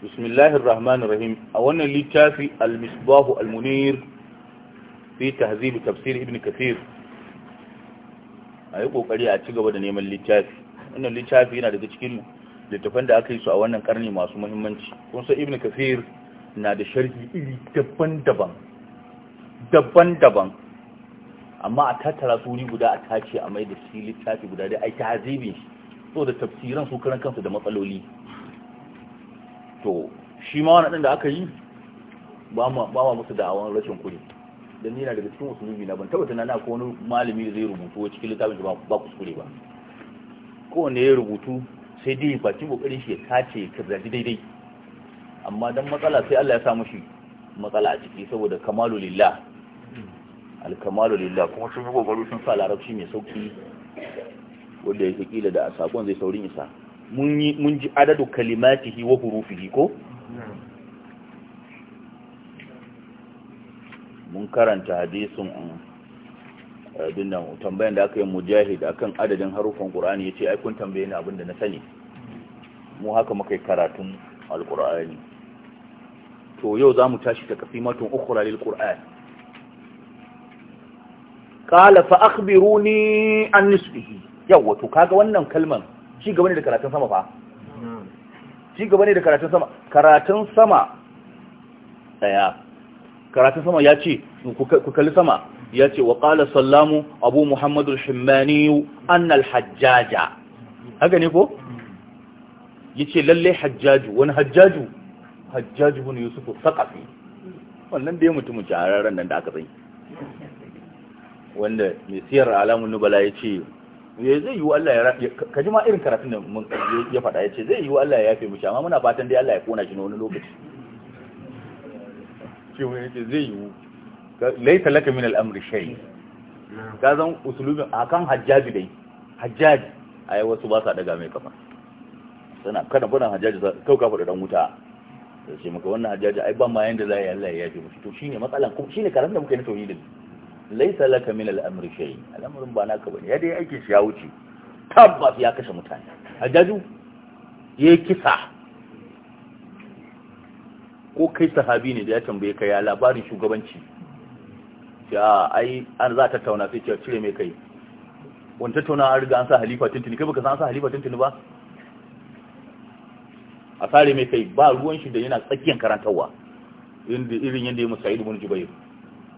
bismillahir rahmanir rahim a wannan littafi al-misbahu al-munir fi tahzib tafsir ibn kathir ayi kokari a ci gaba da neman littafi wannan littafi yana daga cikin littafan da aka yi su a wannan karni masu muhimmanci kun san ibn na da sharhi iri daban-daban daban-daban amma a tattara su guda a tace a mai da shi littafi guda dai ai tahzibin so da tafsiran su karan kansu da matsaloli to shi ma wani ɗin da aka yi ba ma musu da'awar rashin kuri don nina daga cikin musulmi na ban tabbata na ko wani malami da zai rubutu cikin littafin da ba kuri ba wanda ya rubutu sai dai bakin kokarin shi ya tace ka zaji daidai amma dan matsala sai Allah ya sa mushi matsala a ciki saboda kamalu lillah alkamalu lillah kuma sun yi kokari sun sa larabci mai sauki wanda ya kila da sakon zai saurin isa mun ji adadu kalimatihi wa hurufihi ko mun karanta hadisin dinnan eh, tambayan da aka yi mujahid akan adadin harufan qur'ani yace ai kun tambaye ni abin da na sani mu haka muka karatun alqur'ani to yau zamu tashi ta kafimatun ukhra lil qur'an qala fa akhbiruni an nisbihi yawa to kaga wannan kalmar. ci gaba ne da karatun sama fa ci gaba ne da karatun sama karatun sama daya karatun sama ya ce ku kalli sama ya ce wa qala sallamu abu muhammadu shimani anna al-hajjaja haka ne ko ya ce lalle hajjaju wani hajjaju hajjaju wani yusuf saqafi wannan da ya mutumin shahararren nan da aka zai wanda mai siyar alamun nubala ya ce ya zai yiwu Allah ya rafi ka ji ma irin karatun da mun ya faɗa ya ce zai yiwu Allah ya yafe mu amma muna fatan dai Allah ya kona shi na wani lokaci ce wani ce zai yiwu laita laka min al'amri shay ka zan usulubin akan hajjaji dai hajjaji ai wasu ba sa daga mai kafa sana kada fadan hajjaji kau ka faɗa dan wuta sai maka wannan hajjaji ai ban ma yanda za yi Allah ya yafe mu to shine matsalan kuma shine karatun da muke na tauhidin laisa laka min al'amri shay al'amarin ba naka bane ya dai aikin shi ya wuce tabbas ya kashe mutane hajaju yayi kisa ko kai sahabi ne da ya tambaye ka ya labarin shugabanci ya ai an za ta tauna sai ce cire mai kai wani tattauna an riga an sa halifa tuntuni kai baka san an sa halifa tuntuni ba a sare mai kai ba ruwan shi da yana tsakiyar karantarwa irin yadda ya musa ibn jubair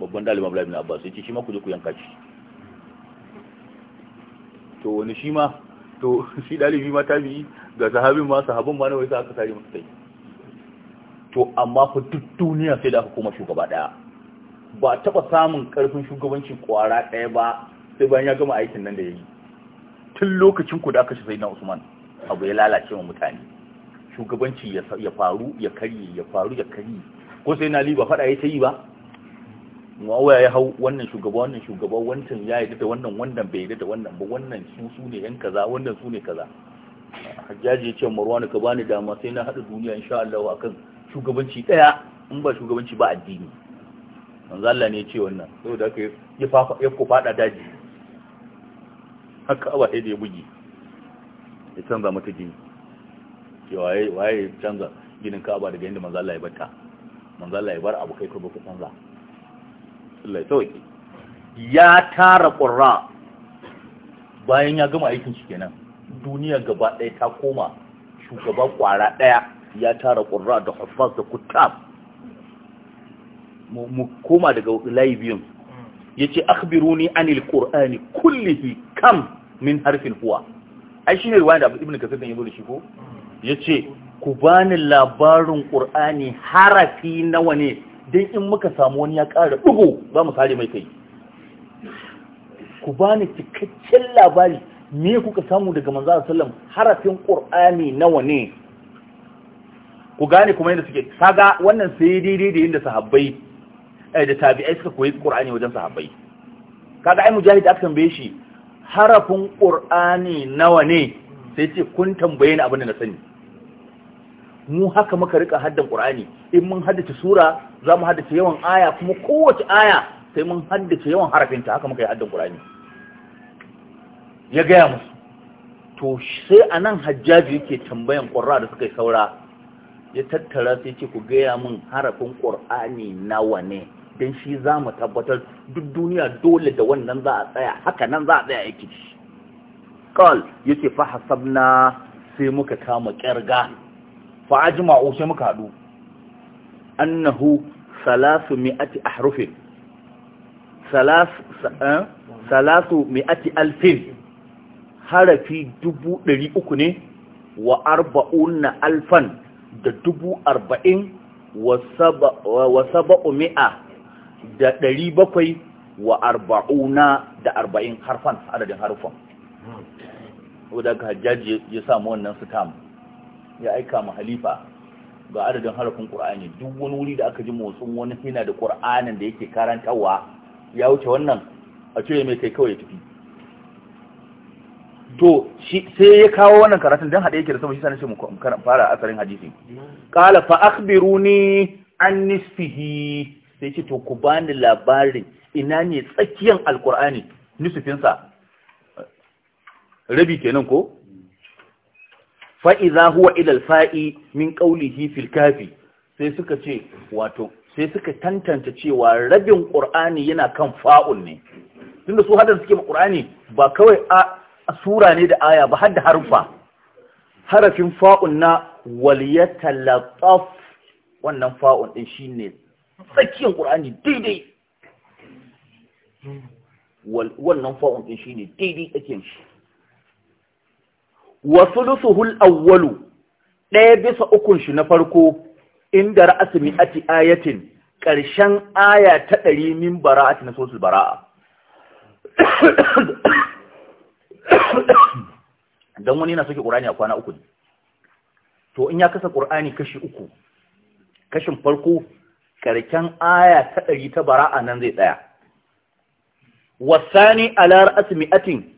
babban dalibin Abdullahi bin Abbas yace shi ma ku je ku yanka shi to wani shi ma to shi dalibi ma tabi'i ga sahabin ma sahabban ma wai sai aka sare masa sai to amma fa duk duniya sai da aka koma shugaba daya ba taba samun karfin shugabancin kwara daya ba sai bayan ya gama aikin nan da yayi tun lokacin ku da aka shi sai na Usman abu ya lalace wa mutane shugabanci ya faru ya karye ya faru ya karye ko sai na liba fada ya ta yi ba muawiya ya hau wannan shugaba wannan shugaba wancan ya yi da wannan wannan bai yi da wannan ba wannan su su ne yan kaza wannan su ne kaza hajjaji ya ce marwan ka bani dama sai na haɗa duniya insha Allah kan shugabanci ɗaya in ba shugabanci ba addini manzo Allah ne ya ce wannan saboda haka ya fafa ya ko fada daji haka awa sai da ya bugi ya canza mata gini ce waye waye canza ginin Ka'aba daga inda manzo Allah ya bata manzo Allah ya bar abu kai ko ba ku canza Allah ya ya tara ƙurra bayan ya gama aikin shi kenan duniya gaba ɗaya ta koma shugaba ƙwara ɗaya ya tara ƙurra da hafaz da kutab mu koma daga layi biyun ya ce akhbiruni anil qur'ani kullihi kam min harfin huwa ai shine ruwan da ibnu kasir dan yazo da shi ko yace ku bani labarin qur'ani harafi nawa ne don in muka samu wani ya ƙara ɗugu za mu sare mai kai ku ba ni cikakken labari me kuka samu daga manzan sallam harafin ƙur'ani nawa ne ku gane kuma yadda suke saga wannan sai daidai da yadda sahabbai eh, da tabi'ai suka koyi ƙur'ani wajen sahabbai kaga ai mujahid aka tambaye shi harafin ƙur'ani nawa ne sai ce kun tambaye ni abin da na sani mu haka muka rika haddan ƙur'ani in mun haddace sura za mu haddace yawan aya kuma kowace aya sai mun haddace yawan harafinta haka muka yi haddin ƙur'ani ya gaya musu to sai a nan hajjaji yake tambayan ƙwarra da suka yi saura ya tattara sai ce ku gaya min harafin ƙur'ani nawa ne don shi za mu tabbatar duk duniya dole da wannan za a tsaya haka nan za a tsaya yake ci ƙal yake ce fa sai muka kama ƙyarga fa ajma'u sai muka haɗu annahu salasu mi'ati ahrufin eh? salasu mi'ati alfin harafi dubu ɗari uku ne wa arba'una alfan da dubu arba'in wa saba'u mi'a da ɗari bakwai wa arba'una da arba'in harfan adadin harfan wadda ka hajjaji ya samu wannan su ya aika ma halifa ga adadin harafin qur'ani duk wani wuri da aka ji motsin wani yana da qur'anin da yake karantawa ya wuce wannan a cire mai kai kawai ya tafi to sai ya kawo wannan karatun dan haɗe yake da saboda shi sanin shi mu fara asarin hadisi qala fa akhbiruni an nisfihi sai ce to ku bani labarin ina ne tsakiyar alkur'ani sa rabi kenan ko fa'iza huwa ilal fa'i min ƙaulihi fil kafi sai suka ce wato sai suka tantanta cewa rabin ƙur'ani yana kan fa'un ne da su hadar suke ƙur'ani ba kawai a sura ne da aya ba har da harfa harafin fa'un na waliyatallaf wannan fa'un ɗin shi ne tsakiyar ƙur'ani daidai wannan fa'un ɗin shi ne daidai tsakiyar shi wa sulusuhul awwalu ɗaya bisa ukun shi na farko inda ra'asu ati ayatin ƙarshen aya ta ɗari min bara'ati na sosul bara'a don wani na soke ƙurani a kwana uku to in ya kasa ƙurani kashi uku kashin farko ƙarshen aya ta ɗari ta bara'a nan zai tsaya wasani ala ra'asu atin.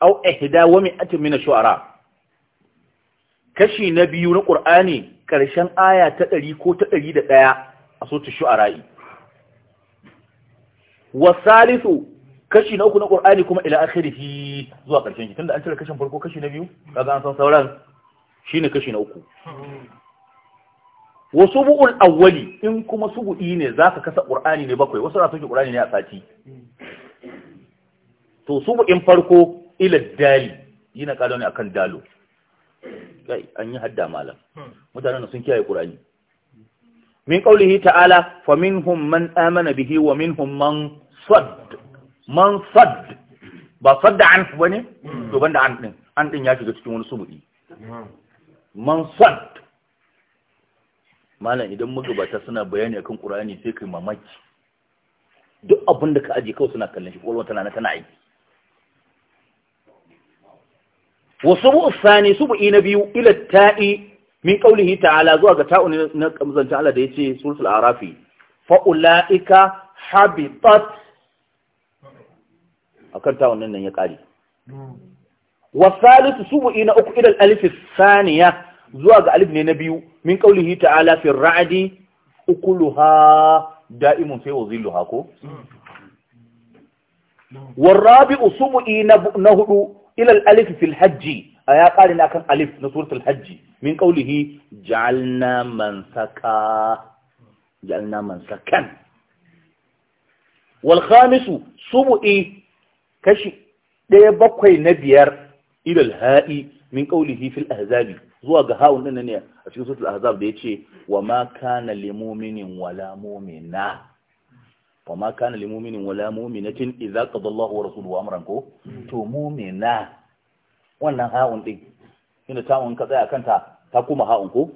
au ihda wa mi'atin min ash-shu'ara kashi na biyu na Qur'ani karshen aya ta 100 ko ta 101 a suratul shu'ara wa salisu kashi na uku na Qur'ani kuma ila akhirih zuwa karshen shi tunda an cire kashin farko kashi na biyu kaga an san sauran shine kashi na uku wa subu'ul awwali in kuma subu'i ne zaka kasa Qur'ani ne bakwai wasu na soke Qur'ani ne a sati to subu'in farko ila dali yi na ne a kan kai an yi hadda malam hmm. mutanen sun kiyaye qur'ani min ƙaulihi ta'ala fa minhum man amana bihi wa minhum man sadd man sadd ba sadda an ba ne hmm. to banda an din an din ya shiga cikin wani subudi hmm. man sadd malam idan magabata suna bayani akan qur'ani sai kai mamaki duk abin da ka aje kawai suna kallon shi ƙwaƙwalwa tana na tana aiki wasu sani su bu'i na biyu ilar ta'i min ƙaunihi ta'ala zuwa ga ta'u na ƙamzancin Allah da ya ce sulhul arafi fa'ula'ika habitat a kan ta'u nan ya ƙari wasalisu su bu'i na uku ilar alifis saniya zuwa ga alif ne na biyu min ƙaunihi ta'ala fi ra'adi ukuluha da'imun sai wazilluha ko hmm. warrabi usubu'i na hudu إلى الألف في الحج أيا قال إن أكن ألف نصورة الحج من قوله جعلنا من سكا جعلنا من سكن والخامس سبعي كشي دي بقوي نبير إلى الهائي من قوله في الأهزاب زوا قهاون إنني أشيك سورة الأهزاب ديتشي وما كان لمؤمن ولا مؤمنات wa ma kana lil mu'minin wala mu'minatin idza qada Allahu wa rasuluhu amran ko to mu'mina wannan ha'un din ina ta mun ka tsaya kanta ta kuma ha'un ko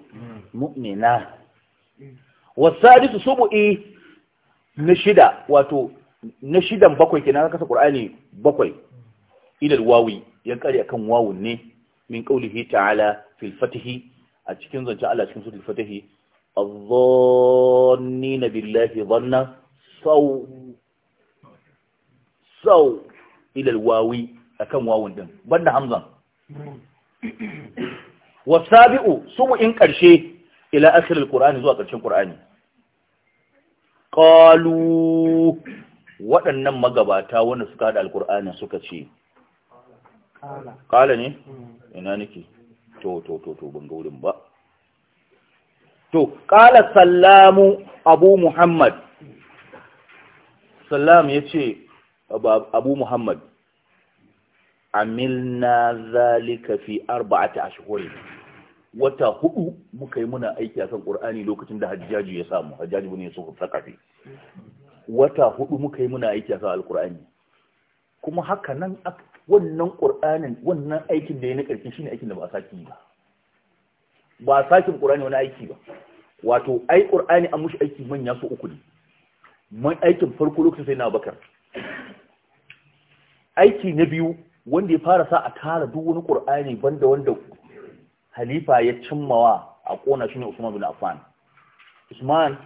mu'mina wasadisu subu'i na shida wato na shidan bakwai kenan kasa qur'ani bakwai idar wawi ya kare akan wawun ne min qaulihi ta'ala fil fatihi a cikin zance Allah cikin suratul fatihi adh-dhannina billahi dhanna sau sau ilal wawi akan wawun din banda hamzan wasabi'u sumu in karshe ila akhir alqur'ani zuwa karshen qur'ani qalu waɗannan magabata wanda suka da alqur'ani suka ce qala ne ina nake to to to to ban gaurin ba to qala sallamu abu muhammad salam ya ce abu muhammad amilna zalika fi arba'ati ashhur wata hudu muka yi muna aiki akan qur'ani lokacin da hajjaji ya samu hajjaji bin yusuf sakafi wata hudu muka yi muna aiki akan alqur'ani kuma haka nan wannan qur'anin wannan aikin da ya na karshe shine aikin da ba saki ba ba sakin qur'ani wani aiki ba wato ai qur'ani an mushi aiki manya su uku ne aikin farko lokacin sai na bakar aiki na biyu wanda ya fara sa a tara duk wani ƙur'ani banda wanda halifa ya cimmawa a ƙona shi ne usman bin affan usman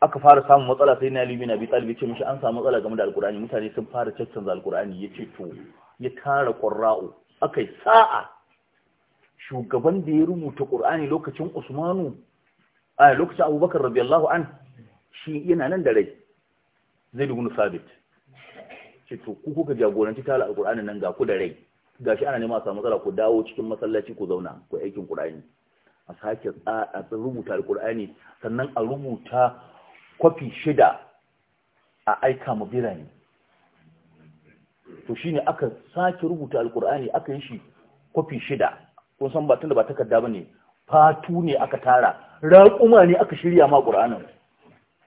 aka fara samun matsala sai na libi na bi talibi ce mishi an samu matsala game da alƙur'ani mutane sun fara caccanza alƙur'ani ya ce to ya tara ƙwarra'u aka yi sa'a shugaban da ya rubuta ƙur'ani lokacin usmanu a lokacin abubakar radiyallahu an shi yana nan da rai zai dubu sabit ce to ku kuka jagoranci tala alkur'ani nan ga ku da rai gashi ana nema a samu matsala ku dawo cikin masallaci ku zauna ku aikin qur'ani a sake a rubuta alkur'ani sannan a rubuta kwafi shida a aika ma birane to shine aka sake rubuta alkur'ani aka yi shi kwafi shida kun san ba tunda ba takarda bane fatu ne aka tara raƙuma ne aka shirya ma qur'anin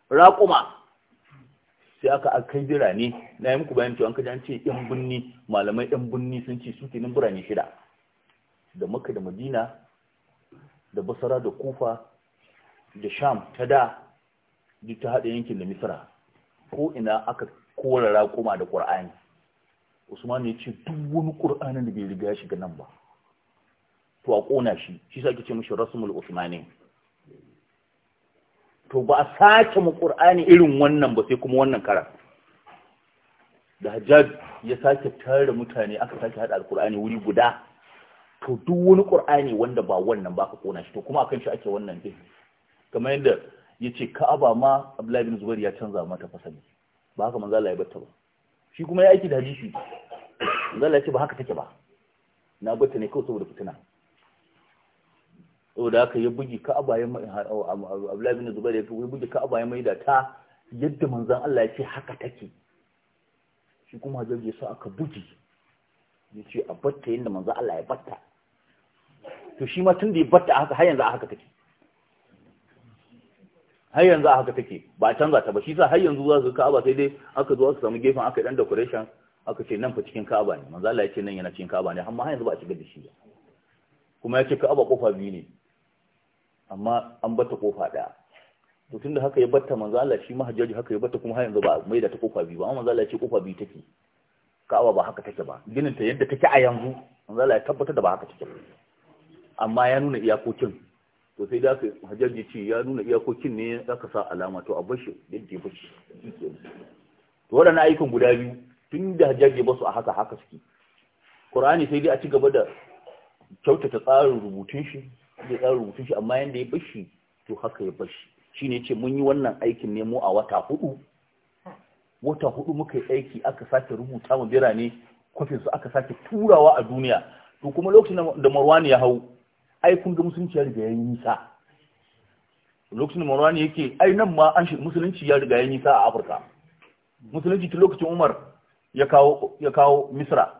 raƙuma sai aka akai birane na yi muku bayan cewa ka kaji an ce yan binni malamai yan birni sun ce suke nan birane shida da makka da madina da basara da kufa da sham ta da duk ta haɗa yankin da misra ko ina aka kora raƙuma da ƙur'ani usman ya ce duk wani ƙur'anin da bai riga ya shiga nan ba to a ƙona shi shi sa ake ce mashi rasmul usmani to ba a sake mu ƙur'ani irin wannan ba sai kuma wannan kara da hajjaj ya sake tare mutane aka sake haɗa alƙur'ani wuri guda to duk wani ƙur'ani wanda ba wannan ba ka kona shi to kuma akan shi ake wannan din kamar yadda ya ce ka'aba ma abdullahi bin zubair ya canza mata fasali ba haka manzo Allah ya batta ba shi kuma ya aiki da hadisi manzo Allah ya ce ba haka take ba na batta ne kawai saboda fitina saboda haka ya bugi ka'aba ya mai Abdullahi bin Zubair ya bugi ka'aba ya mai da ta yadda manzon Allah ya ce haka take shi kuma zai ya sa aka bugi ya ce a batta yadda manzon Allah ya batta to shi ma tun da ya batta haka har yanzu a haka take har yanzu a haka take ba canza ta ba shi sa har yanzu za su ka'aba sai dai aka zo su samu gefen aka dan decoration aka ce nan fa cikin ka'aba ne Manzan Allah ya ce nan yana cikin ka'aba ne amma har yanzu ba a shiga da shi ba kuma ya ce ka'aba kofa biyu ne amma an bata kofa daya to tunda haka ya batta manzo Allah shi mahajjaji haka ya batta kuma har yanzu ba mai da ta kofa biyu ba amma manzo Allah ya ce kofa biyu take Ka'aba ba haka take ba ginin ta yadda take a yanzu manzo Allah ya tabbatar da ba haka take amma ya nuna iyakokin to sai da kai mahajjaji ce ya nuna iyakokin ne aka sa alama to a bashi yadda ya bashi to waɗannan ayyukan guda biyu tun da hajjaji ba su a haka haka suke Qur'ani sai dai a ci gaba da kyautata tsarin rubutun shi zai tsara rubutun shi amma yanda ya bashi to haka ya bashi shi ne ce mun yi wannan aikin nemo a wata hudu wata hudu muka yi aiki aka sake rubuta mu birane kwafin su aka sake turawa a duniya to kuma lokacin da marwani ya hau ai kun ga musulunci ya riga ya yi nisa lokacin da marwani yake ai nan ma an musulunci ya riga ya yi nisa a afirka musulunci tun lokacin umar ya kawo ya kawo misra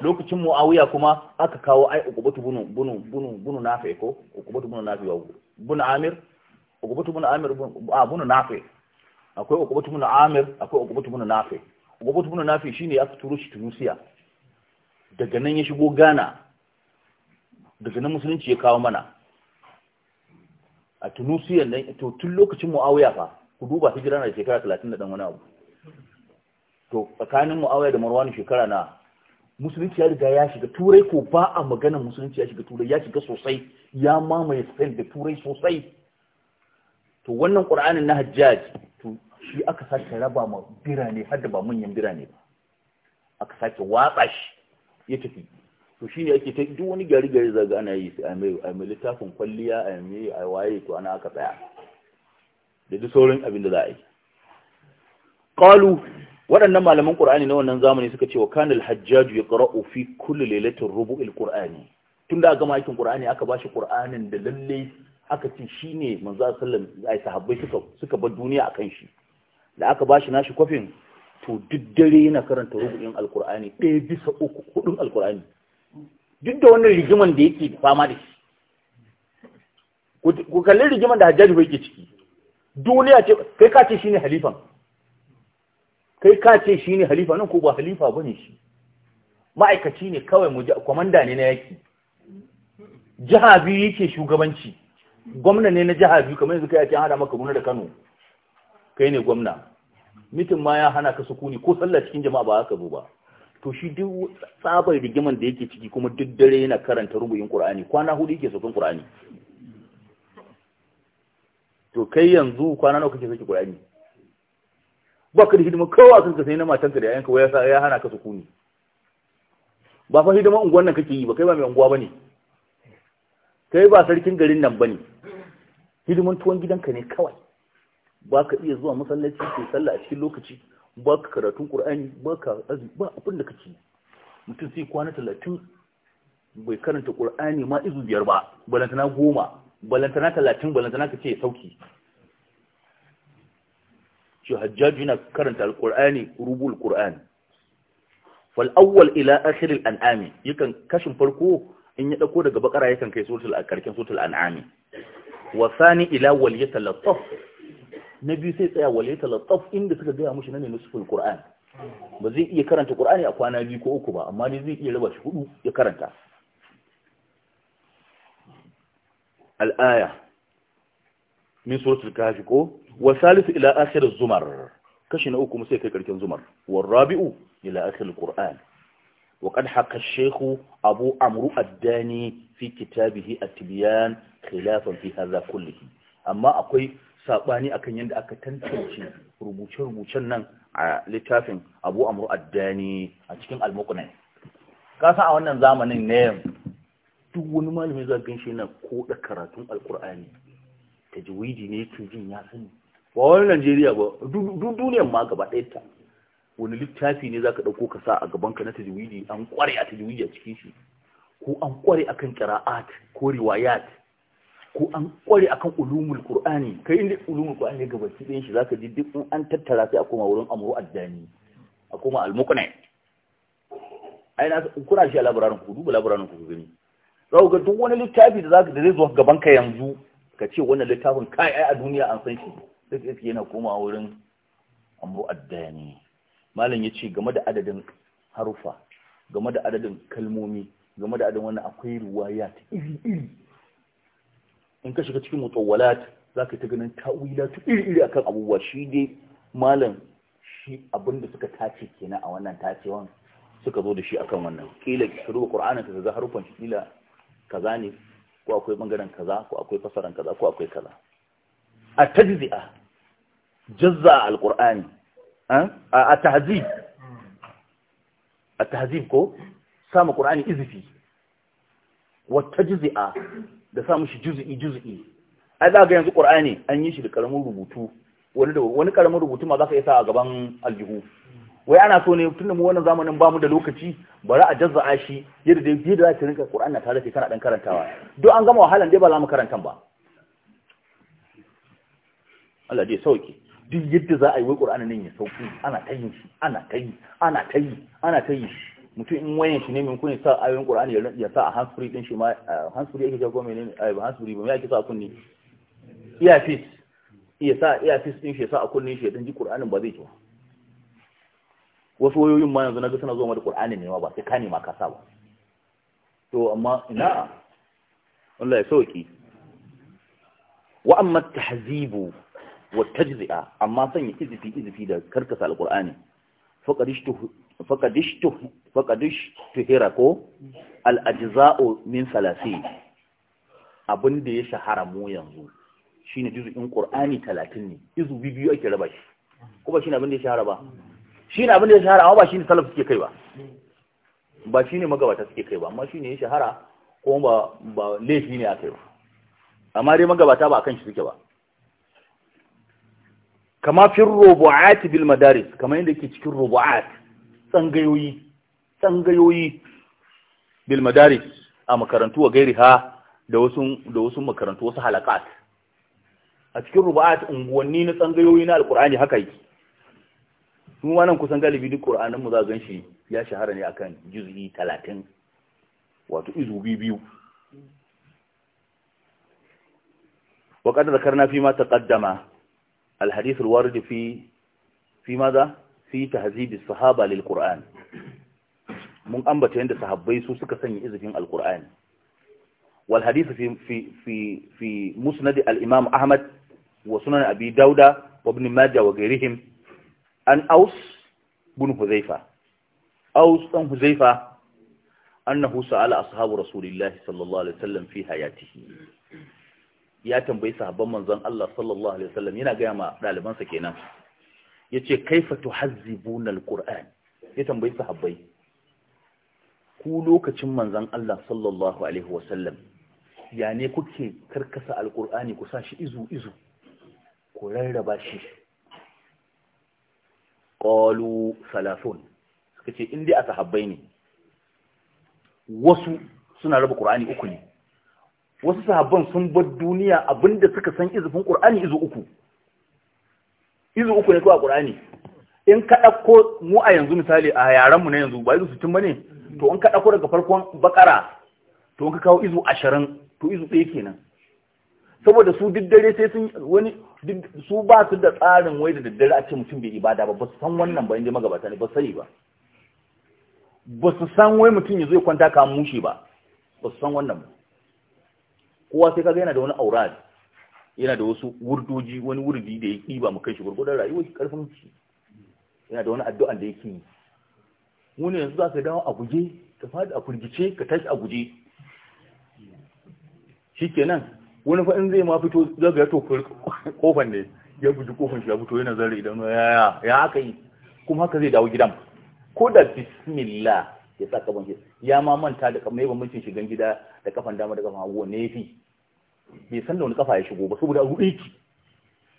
lokacin muawiya kuma aka kawo ai ukubatu bunu bunu bunu bunu nafe ko ukubatu bunu nafe wa bunu amir ukubatu bunu amir a bunu nafe. akwai ukubatu bunu amir akwai ukubatu bunu nafe ukubatu bunu nafe shine aka turo shi tunisia daga nan ya shigo ghana daga nan musulunci ya kawo mana a tunisia nan to tun lokacin muawiya fa ku duba hijira na shekara 30 da dan wani abu to tsakanin muawiya da marwan shekara na musulunci ya riga ya shiga turai ko ba a magana musulunci ya shiga turai ya shiga sosai ya mamaye sel da turai sosai to wannan qur'anin na hajjaj to shi aka sake raba ma birane har da ba manyan birane ba aka sake watsa shi ya tafi to shi ne ake ta duk wani gari gari zaga ana yi a mai a mai littafin kwalliya a mai a waye to ana aka tsaya da duk sauran abin da za a yi qalu waɗannan malaman ƙur'ani na wannan zamani suka ce wa kanil hajjaju ya ƙara'u fi kulli rubu il ƙur'ani tun da aka aikin ƙur'ani aka bashi ƙur'anin da lalle aka ce shine manzo sallan ai sahabbai suka suka bar duniya akan shi da aka bashi nashi kofin to duk dare yana karanta rubu'in alƙur'ani ɗaya bisa uku hudun alƙur'ani duk da wannan rigiman da yake fama da shi ku kalli rigiman da hajjaju bai ke ciki duniya ce kai ka ce shine halifan kai ka ce shi ne halifa nan ko ba halifa ba ne shi ma'aikaci ne kawai mu kwamanda ne na yaki jiha biyu yake shugabanci gwamna ne na jiha biyu kamar yanzu kai ake hada maka da kano kai ne gwamna mitin ma ya hana ka sukuni ko sallah cikin jama'a ba haka ba to shi duk tsabar rigiman da yake ciki kuma duk dare yana karanta rubuyin qur'ani kwana hudu yake sokin qur'ani to kai yanzu kwana nawa kake sokin qur'ani ba ka da hidima kowa sun ka na matanka da yayanka waya ya hana ka sukuni ba fa hidima unguwan nan kake yi ba kai ba mai unguwa bane kai ba sarkin garin nan bane hidiman tuwon gidanka ne kawai ba ka iya zuwa masallaci ke sallah a cikin lokaci ba ka karatun qur'ani ba ka azumi ba abin da kake mutum sai kwana talatin bai karanta qur'ani ma izu biyar ba balantana goma balantana talatin balantana ka ce ya sauki shi hajjaju yana karanta alkur'ani rubul qur'ani fal awwal ila akhir al yakan kashin farko in ya dauko daga bakara yakan kai suratul a suratul an'am wa Wasani ila wal Na biyu sai tsaya wal yatalattaf inda suka gaya mushi nane nusful qur'an ba zai iya karanta ƙur'ani a kwana biyu ko uku ba amma ne zai iya raba shi hudu ya karanta Al'aya. aya min suratul kahfi ko wa salisu ila akhir zumar kashi na uku sai kai karkin zumar wa rabi'u ila akhir alquran wa qad haka shaykhu abu amru ad-dani fi kitabihi at-tibyan khilafan fi hadha kullihi amma akwai sabani akan yadda aka tantance rubuce-rubucen nan a littafin abu amru ad-dani a cikin al-muqni kasa a wannan zamanin ne duk wani malamin za gan shi yana koda karatun alkur'ani tajwidi ne yake jin ya sani ba wani najeriya ba duk duniyan ma gaba ɗaya ta wani littafi ne za ka ɗauko ka sa a gabanka na tajwidi an ƙware a tajwidi a cikin shi ko an ƙware akan ƙira'at ko riwayat ko an ƙware akan ulumul qur'ani kai inda ulumul qur'ani ne gaba cikin shi zaka ji duk an tattara sai a koma wurin amru addani a koma al ai na kuna shi a labararin ku duba labararin ku gani zaka ga duk wani littafi da zaka da zai zo gaban ka yanzu ka ce wannan littafin kai ai a duniya an san shi sai ka yana koma wurin ambo addani malam ya ce game da adadin harufa game da adadin kalmomi game da adadin wannan akwai ruwaya ta iri-iri in ka shiga cikin mutawalat za ka ta ganin ta'wila ta iri-iri akan abubuwa shi dai malam shi abinda suka tace kenan a wannan tacewan suka zo da shi akan wannan kila ki shiru qur'anin ka ga harufan shi kila kaza ne ko akwai bangaren kaza ko akwai fasaran kaza ko akwai kaza a tajzi'a jazza a alƙur'ani a كو a القرآن ko samu ده izifi wata جزئي da samu shi juzi'i juzi'i ai za ga yanzu ƙur'ani an yi shi da ƙaramin rubutu wani rubutu ma za ka iya a wai ana so ne tunda mu wannan zamanin bamu da lokaci bari a jazza'a shi yadda da yadda za ka rinka Qur'ani tare da kana dan karantawa don an gama wahalan dai ba za mu karantan ba Allah dai sauki duk yadda za a yi wai ƙur'anin nan ya sauƙi, ana ta yin shi ana ta yi ana ta yi ana ta yi mutum in wayan shi ne min kun sa ayoyin ƙur'ani ya sa a hansfuri din shi ma hansfuri yake jago mai ne ba hansfuri ba me yake sa kunni iyafis iya sa iyafis din shi ya sa a kunni shi dan ji ƙur'anin ba zai ci wasu wayoyin ma yanzu naga suna zuwa da ƙur'ani ne ma ba sai ka ma ka sa ba to amma ina Allah ya sauki wa amma tahzibu wa tajzi'a amma sanya izifi izifi da karkasa alqur'ani faƙadish tuhira ko al'ajiza'o min salasi abin da ya shahara mu yanzu shi ne juzu'in ƙur'ani talatin ne izu biyu ake raba shi ko ba shi ne abin da ya shahara ba shi ne abin da ya shahara amma ba shi ne salaf suke kai ba ba shi ne magabata suke kai ba amma shi ne ya shahara ko ba laifi ne a kai ba amma dai magabata ba a kan shi suke ba kama fin rubu'at bil madaris kama yadda ke cikin rubu'at tsangayoyi tsangayoyi bil madaris a makarantu a gairi da wasu da wasu makarantu wasu halakat a cikin rubu'at unguwanni na tsangayoyi na alqur'ani haka yake mu wannan kusan galibi duk qur'anin mu za gan shi ya shahara ne akan juz'i talatin? wato izu biyu wa qad na fi ma taqaddama الحديث الوارد في في ماذا في تهذيب الصحابة للقرآن من أنبت عند صحابي سوسك سني إذن القرآن والحديث في في في في مسند الإمام أحمد وسنن أبي داود وابن ماجه وغيرهم أن أوس بن حذيفة أوس بن حذيفة أنه سأل أصحاب رسول الله صلى الله عليه وسلم في حياته ya tambayi sahabban manzon Allah sallallahu alaihi wasallam yana ga ma dalibansa kenan yace kaifa tuhazzibuna alquran ya tambayi sahabbai ku lokacin manzon Allah sallallahu alaihi wasallam ya ne kuke karkasa alqurani ku sa shi izu izu ku rarraba shi qalu salafun suka ce inda a sahabbai ne wasu suna raba qur'ani uku ne wasu sahabban sun bar duniya abinda suka san izufin ƙur'ani izu uku izu uku ne kuwa ƙur'ani. in ka ɗauko mu a yanzu misali a yaran mu na yanzu ba izu sittin ne to in ka ɗauko daga farkon bakara to in ka kawo izu ashirin to izu ɗaya kenan saboda su duk dare sai sun wani su ba su da tsarin wai da daddare a ce mutum bai ibada ba ba su san wannan ba inda magabata ne ba sani ba ba su san wai mutum ya zo ya kwanta ka mushe ba ba su san wannan ba kowa sai kaga yana da wani aurad yana da wasu wurdoji wani wurdi da ya kiba mu kai shi gurgudan rayuwar karfin shi yana da wani addu'an da yake yi mu ne yanzu za ka dawo a guje ka fadi a furgice ka tashi a guje shikenan wani fa in zai ma fito zaga ya to kofan ne ya guji kofan shi ya fito yana zarra idan ya ya haka yi kuma haka zai dawo gidan ko da bismillah ya sa kaban shi ya ma manta da kamar yabon mutum shigan gida da kafan dama da kafan hagu ne fi bai san da wani kafa ya shigo ba saboda a ruɗe ki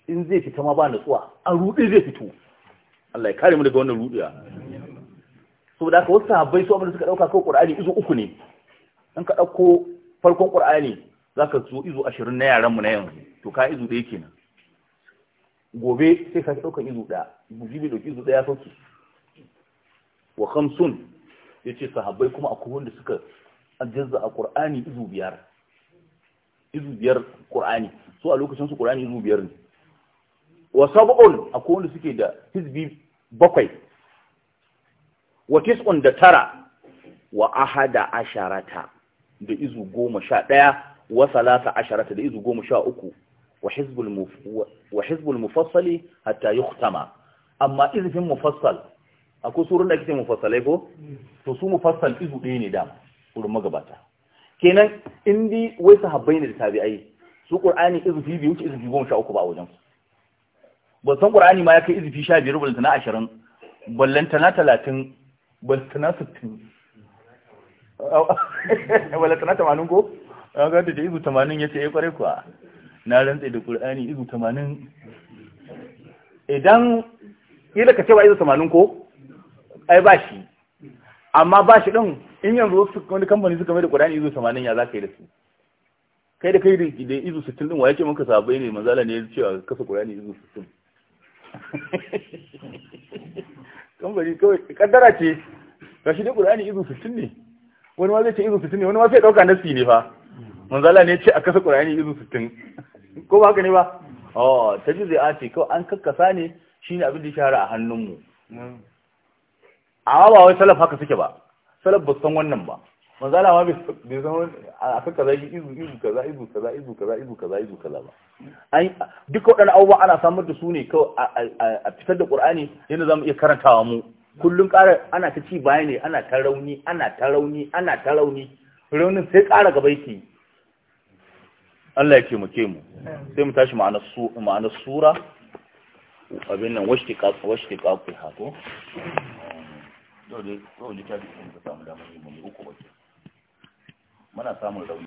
in zai fita ma ba natsuwa a ruɗe zai fito Allah ya kare mu daga wannan ruɗiya saboda ka wasu sahabbai su abin da suka ɗauka kawai ƙur'ani izo uku ne in ka ɗauko farkon ƙur'ani za ka zo izo ashirin na yaranmu na yanzu to ka izo ɗaya kenan gobe sai ka ɗaukan izo ɗaya buji bai ɗauki izo ɗaya sauki wa hamsun ya ce sahabbai kuma akwai wanda suka jazza a ƙur'ani izo biyar izu biyar qur'ani su a lokacin su qur'ani izu biyar ne wa sab'un akwai wanda suke da hizbi bakwai wa tis'un da tara wa ahada asharata da izu goma sha ɗaya wa salasa asharata da izu goma sha uku wa hizbul mufassali hatta yukhtama amma izifin mufassal akwai surun da ake mufassalai ko to su mufassal izu ɗaya ne da wurin magabata kenan indi wai habbai ne da tabi'ai su qur'ani izufi biyu ki izufi goma sha uku ba wajen ba san qur'ani ma ya kai izufi sha biyar na ashirin na talatin na sittin na tamanin ko an ga da izu tamanin ya ce ya eh, kware kuwa na rantse da qur'ani izu tamanin idan kila ka ce ba izu tamanin ko ai ba shi amma ba shi din in yanzu wasu wani kamfani suka mai da Qur'ani izu 80 ya ka yi da su kai da kai da izu 60 din wa yake muka sabai ne manzala ne ya cewa kasa Qur'ani izu 60 kamfani kawai kaddara ce shi dai Qur'ani izu 60 ne wani ma zai ce izu 60 ne wani ma sai dauka nasi ne fa manzala ne ce a kasa Qur'ani izu 60 ko ba haka ne ba oh zai ati kawai. an kakkasa ne shine abin da ya shahara a hannunmu mm. amma ba wai salaf haka suke ba salaf san wannan ba manzala ma bai san a kan kaza yi izu izu kaza izu kaza izu kaza izu kaza izu kaza ba ai duka wadannan abubuwa ana samar da su ne kawai a fitar da qur'ani yadda zamu iya karantawa mu kullum ƙara ana ta ci baya ne ana ta rauni ana ta rauni ana ta rauni raunin sai ƙara gaba yake Allah ya taimake mu sai mu tashi ma'anar su ma'anar sura abin nan washtiqa washtiqa ko dole dole ta bi sun samu damar yin mu uku wace muna samun rauni